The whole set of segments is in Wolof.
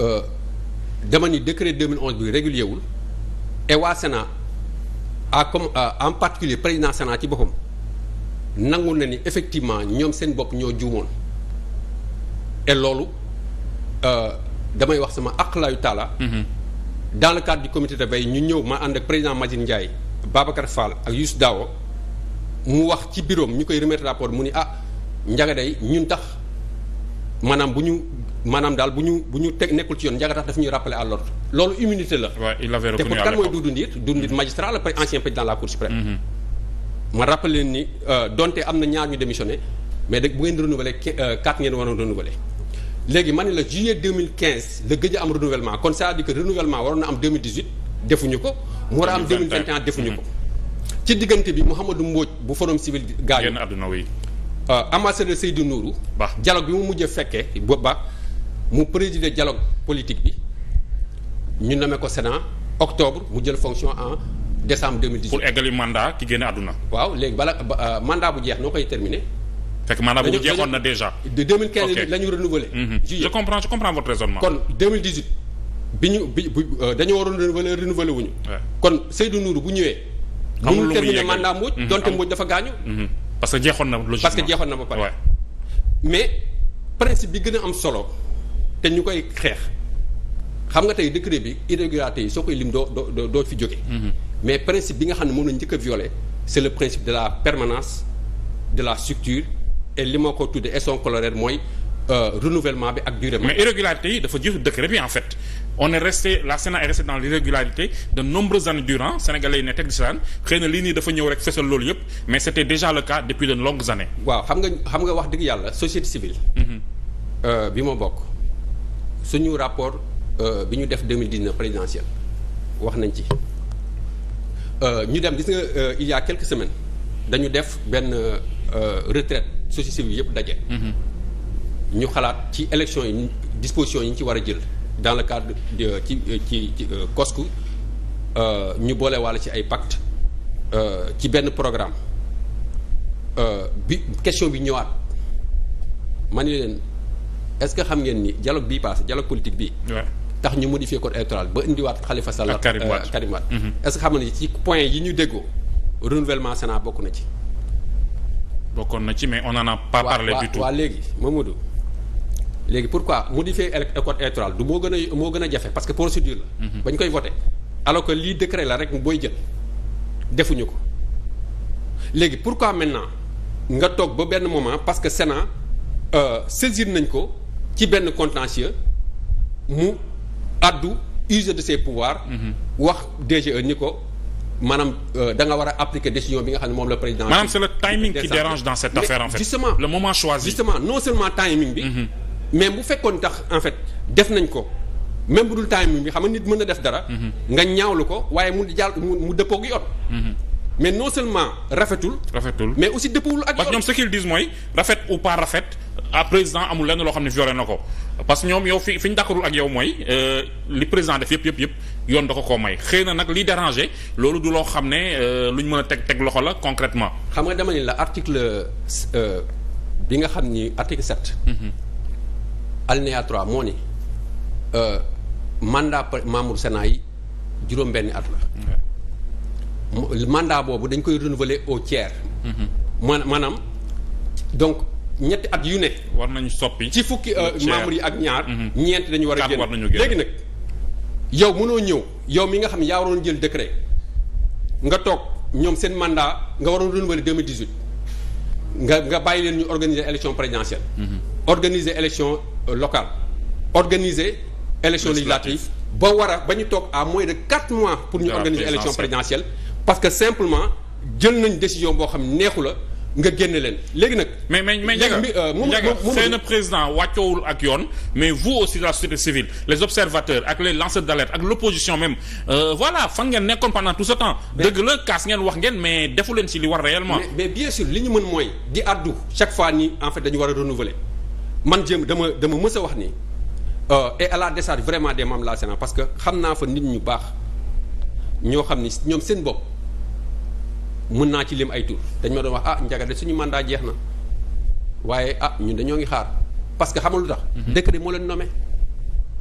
Euh, dama ni décret 2011 bi régulier wul et waa Sénat a comme en particulier président Sénat ci boppam nangu na ni effectivement ñoom seen bopp ñoo juumoon et loolu euh, damay wax sama aqlaayu taala mm-hmm. dans le cadre du comité de veille ñu ñëw ma ànd ak président Madine Ndiaye Babacar Fall ak Youssou Dao mu wax ci bureau ñu koy remettre rapport mu ni ah njaga ñun tax maanaam bu ñu maanaam daal bu ñu bu ñu teg nekkul ci yoon njaga tax daf ñuy rappeler à l'ordre loolu immunité la te kon kan mooy Doudou Ndir Doudou Ndir mm-hmm. magistrat la ancien président de la cour suprême mm-hmm. ma rappeler leen ni euh, donte am na ñaar ñu démissionné mais da bu ngeen renouveler euh, quatre ngeen waroon renouveler léegi ma ne la juillet 2015 la gëj a am renouvellement kon c'est-à-dire que renouvellement waroon na am 2018 defuñu ko mu war a am 2021 defuñu ko mm-hmm. ci diggante bi Mouhamadou Mbodj bu forum civil gaañu euh, ambassadeur Seydou Nourou dialogue bi mu mujjee fekkee ba mu présider dialogue politique bi ñu nommé ko Sénat octobre mu jël fonction en décembre 2018. pour eggali mandat ki génn àdduna. waaw léegi bala euh, mandat bu jeex noo koy terminer. fekk mandat bu jeexoon na déjà. de 2015 okay. la ñu renouveler. Mm -hmm. je comprends je comprends votre raisonnement. kon 2018 bi ñu bi euh, dañoo waroon renouveler renouveler wuñu kon Seydou Nourou bu ñëwee. amul lu muy terminer mandat Mbodj. Mhm, donte Mbodj dafa gaañu. Mhm. parce que jeexoon na logiquement parce que jeexoon na ba pare. mais principe bi gën a am solo. te ñu koy xeex xam nga tey décret bi irrégularité yi soo koy lim doo doo doo fi jóge mm-hmm. mais principe bi nga xam ne moom la njëkk a violé c'est le principe de la permanence de la structure et li ma ko tudde esson coloraire mooy euh, renouvellement bi ak durée mais irrégularité yi dafa jël décret bi en fait on est resté la Sénat est resté dans l'irrégularité de nombreuses années durant sénégalais yi ne teg di seetaan na lii nii dafa ñëw rek fesal loolu yëpp mais c'était déjà le cas depuis de longues années waaw xam nga xam nga wax dëgg yàlla société civile mm-hmm. euh, bi ma bokk suñu rapport euh, bi ñu def 2019 présidentielle wax nañ ci euh, ñu dem di nga euh, il y a quelques semaines dañu def benn retraite société civile yëpp daje. Mm-hmm. ñu xalaat ci élection yi dispositions yi ñu ci war a jël dans le cadre de ci ci ci COSCU ñu boole wàll ci ay pacte ci benn programme bi question bi ñëwaat ma ni leen. est-ce que xam ngeen ni dialogue bi passé dialogue politique bii. tax ñu modifier code électoral ba indiwaat Khalifa Sall ak Karim euh, Wade Karim Wade mhm. est-ce que xam nga ni ci point yi ñu déggoo renouvellement Sénat bokk na ci. bokkoon na ci mais on n'en a pas parlé du tout waaw léegi Mamadou léegi pourquoi modifier euh, code électoral du moo gën a moo gën a jafe parce que procédure la. Mhm. bañ koy voté alors que lii décret la rek booy jël defuñu ko léegi pourquoi maintenant nga toog ba benn moment parce que Sénat euh, saisir nañ ko. ci benn contentieux mu addu user de ses pouvoirs. Mm-hmm. wax DGE ni ko maanaam euh, da nga war a appliquer décision bi nga xam ne moom la président. maanaam c'est le timing qui dérange dans cette affaire en fait. justement le moment choisi. justement non seulement timing bi. Mm-hmm. mais bu fekkoon tax en fait def nañ ko. même bu dul timing bi xam nga nit mën na def dara. Mm-hmm. nga ñaawlu ko waaye mu jàll mu dëppoo ak yoon. mais non seulement rafetul. rafetul mais aussi dëppawul ak. parce par ñoom ce mooy rafet ou rafet président amul lenn loo xam ne violé na ko parce que ñoom yow fi fi ñu dakkarul ak yow mooy euh, li président def yëpp yëpp yëpp yoon da ko koo may xëy na nag li déranger loolu du loo xam ne euh, lu ñu mën a teg teg loxo la concrètement xam nga dama ni la article euh, bi nga xam ni article sept. Mhm. alinéa trois moo ni mandat membre Sénat yi juróom-benni at la. mandat boobu dañ koy renouveler au tiers. Mm-hmm. maanaam donc ñetti at yu ne. war nañu soppi. ci fukki euh, membres yi ak ñaar. Mm-hmm. ñeent dañu war a génn léegi nag. yow mënoo ñëw yow mi nga xam yaa waroon jël décret nga toog ñoom seen mandat nga waroon renouveler 2018 nga nga bàyyi leen ñu organiser élection présidentielle. Mm-hmm. organiser élection euh, locale. organiser élection législative ba war a ba ñu toog à moins de quatre mois pour ñu organiser élection présidentielle parce que simplement jël nañ décision boo xam neexu la nga génne leen léegi nag. mais mais mais Ndiaga euh, seen président wàccoowul ak yoon mais vous aussi la société civile les observateurs ak les lanceurs même euh, voilà fan ngeen nekkoon pendant tout ce temps. dëgg la kaas ngeen wax ngeen mais defu leen ci li war réellement. mais bien sûr li ñu mën mooy di àddu chaque fois ni en fait dañu war a renouveler man jëm dama dama mës a wax ni euh, et à la vraiment des membres de la Sénat parce que xam naa fa nit ñu baax ñoo xam ni ñoom seen bopp. mun naa ci lim ay tur dañ ma doon wax ah njaga suñu mandat jeex na waaye ah ñun dañoo ngi xaar parce que xamal lu tax. Mhm. décret moo leen nommé.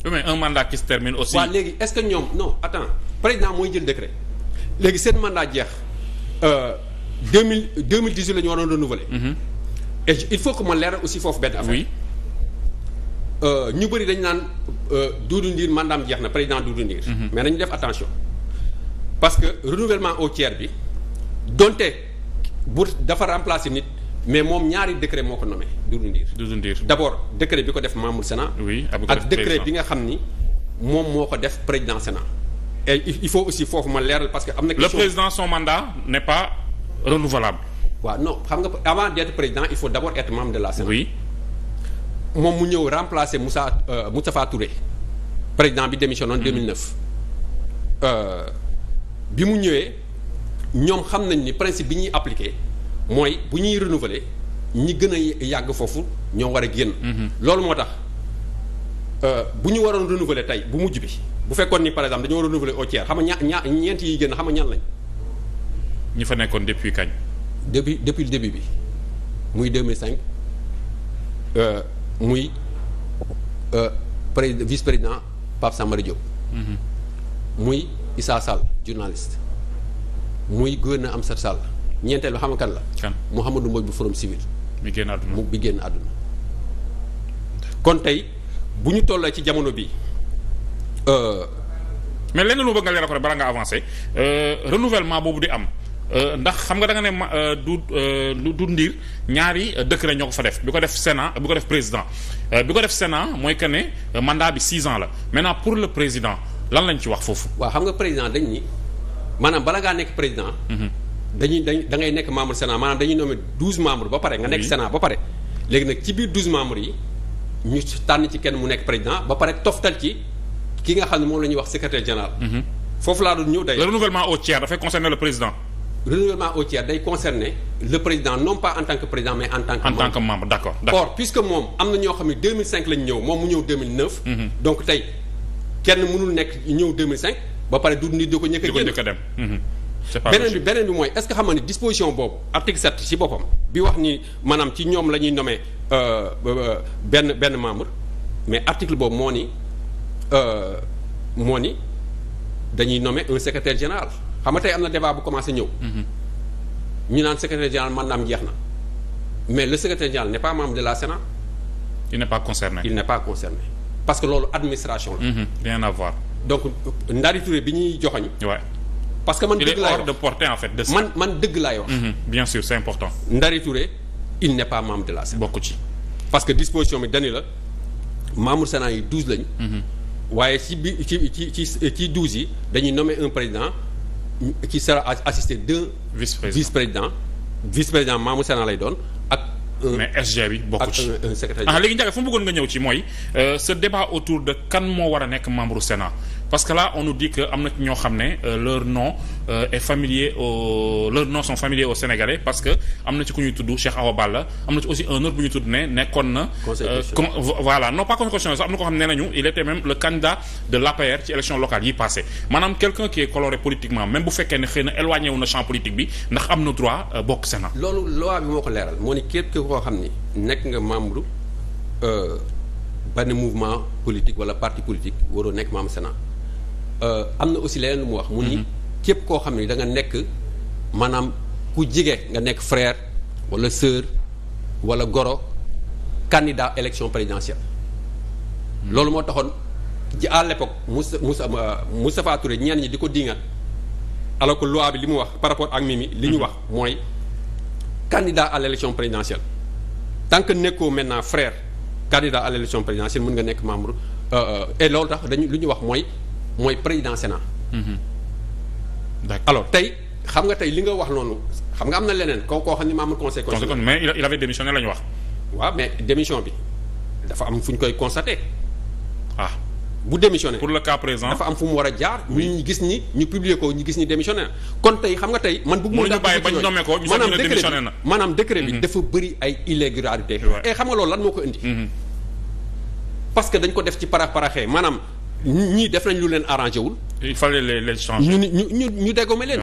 mais un mandat qui se termine aussi. waaw léegi est-ce que ñoom non attends président mooy jël décret léegi seen mandat jeex euh, deux mille mille dix-huit la ñu waroon renouveler. Mhm. il faut que ma leer aussi foofu benn affaire. oui euh, ñu bëri dañ naan euh, Doudou Ndir mandaam jeex na président Doudou Ndir. Mhm. mais nañu def attention parce que renouvellement au tiers bi. donte bu dafa remplacer nit mais moom ñaari décret moo ko nommé Doudou Ndir. Doudou Ndir d' abord bi ko def membre Sénat. oui ak décret bi nga xam ni moom moo ko def président Sénat. et il faut aussi foofu ma leeral parce que am na. question le président son mandat n' est pas renouvelable. waaw no xam nga avant d' président il faut d' abord être de la Sénat. moom mu ñëw remplacer Moussa euh, Moustapha Touré président bi démissionné en 2009 mm. euh, bi mu ñëwee. ñoom xam nañ ni principe bi ñuy appliqué mooy bu ñuy renouveler ñi gën a yàgg foofu ñoo war a génn. Mhm. loolu moo tax euh, bu ñu waroon renouveler tey bu mujj bi bu fekkoon ni par exemple dañoo renouveler au tiers xam nga ña ña ñeent yiy génn xam nga ñan lañ. ñi fa nekkoon depuis kañ. depuis depuis le bi muy 2005 euh, muy euh, pré vice président Pape Samara Diop. Mhm. muy Issa Sall journaliste. muy gouverneur Amsatou Sall ñeenteel bi xam nga kan la. kan Mouhamadou Mbodj bu Forum Civil. bi génn àdduna bi génn àdduna. kon tey bu ñu tollee ci jamono bi euh, mais lenn lu bëgg nga leeral ko rek bala nga avancé euh, renouvellement boobu di am euh, ndax xam nga da nga ne ma du du ndiir ñaari décret ñoo ko fa def bi ko def Sénat bi ko def président bi ko def Sénat mooy que ne mandat bi six ans la maintenant pour le président lan lañ ci wax foofu. waa xam nga président dañ ni. maanaam bala ngaa nekk président. Mhm. dañuy dañ da ngay nekk membre Sénat maanaam dañuy nommer douze ba pare. nga nekk Sénat ba pare. léegi nag ci biir douze membres yi ñu tànn ci kenn mu nekk président ba pare toftal ci ki nga xam ne moom la ñuy wax secrétaire général. Mhm. foofu laa doon ñëw day. le renouvellement au tiers dafay concerner le président. renouvellement au tiers day concerner le président non pas en tant président mais en tant membre. tant or puisque moom am na ñoo xam ne 2005 la ñu ñëw moom mu ba pare du nit di ko njëkk a génn di ko njëkk a dem. Mhm. c'est pas beneen bi mooy est-ce que xam disposition boobu article 7 ci boppam bi wax ni maanaam ci ñoom la ñuy nommer euh, euh, benn benn membre mais article boobu moo ni euh, moo ni dañuy nommer un secrétaire général xam nga tey am na débat bu commencé ñëw. Mhm. ñu naan secrétaire général maanaam jeex na mais le secrétaire général n'est pas membre de la Sénat. il n'est pas concerné. il n'est pas concerné parce que loolu administration la. Mhm. donc Ndari Touré bi ñuy joxoñ parce que man dëgg laay wax de fait de man man dëgg laay wax. Mhm, bien sûr c'est important. Ndari Touré il n'est pas membre de la CENA. bokk ci parce que disposition bi dañu la membre CENA yi douze lañu. Mhm. waaye ci bi ci ci ci ci douze yi dañuy nommer un président qui sera assisté d'un vice-président vice-président vice-président membre lay doon ak. mais SG bi bokk ci ak un secrétaire. ah léegi Ndiaga fu mu bëggoon nga ñëw ci mooy euh, ce débat autour de kan moo war a nekk membre CENA. parce que là on nous dit que am na ci ñoo xam ne euh, leur nom euh, est familier au leur nom sont familiers aux Sénégalais parce que am na ci ku ñuy tudd Cheikh Awa Balla am na ci aussi un autre bu ñuy tudd ne nekkoon na. Euh, voilà non pas conseil constitutionnel am na ko xam ne nañu il était même le candidat de l'APR ci élection locale yi passé maanaam quelqu'un qui est coloré politiquement même bu fekkee ne xëy na éloigné wu na champ politique bi ndax am na droit bokk Sénat. loolu loi bi moo ko leeral moo ni képp koo xam ni nekk nga membre. benn mouvement politique wala parti politique waroo nekk membre Sénat. Euh, am na aussi leneen lu mu wax. mu ni mhm. képp koo xam ni da nga nekk maanaam ku jige nga nekk frère wala sœur wala goro candidat élection présidentielle. Mhm. loolu moo taxoon ci à l'époque Moussa Moussa euh, Moustapha Touré ñenn ñi di ko diingat alors que loi bi li mu wax par rapport ak Mimi li ñu mhm. wax mooy candidat à l'élection présidentielle tant que nekkoo maintenant frère candidat à l'élection présidentielle mën nga nekk membre euh, et loolu tax dañu lu ñu wax mooy mooy président Sénat. Mhm. d'accord alors tey xam nga tey li nga wax noonu xam nga am na leneen koo koo xam ne membre conseil constitutionnel. mais il avait démissionné la ñu wax. waaw mais démission bi dafa am fu ñu koy constaté. ah bu démissionné. pour le cas présent dafa am fu mu war a jaar. ñu gis ni ñu publier ko ñu gis ni démissionné na. kon tey xam nga tey man. bëgg mu bàyyi ba ñu ko ñu sax ñu ne démissionné na maanaam décret bi mhm. dafa bëri ay irrégularités. et eh, xam nga loolu lan moo ko indi. Mhm. parce que dañ ko def ci parax paraxee maanaam ñii def nañ lu leen arrangé wul. il fallait les les changer ñu ñu ñu ñu dégommé leen.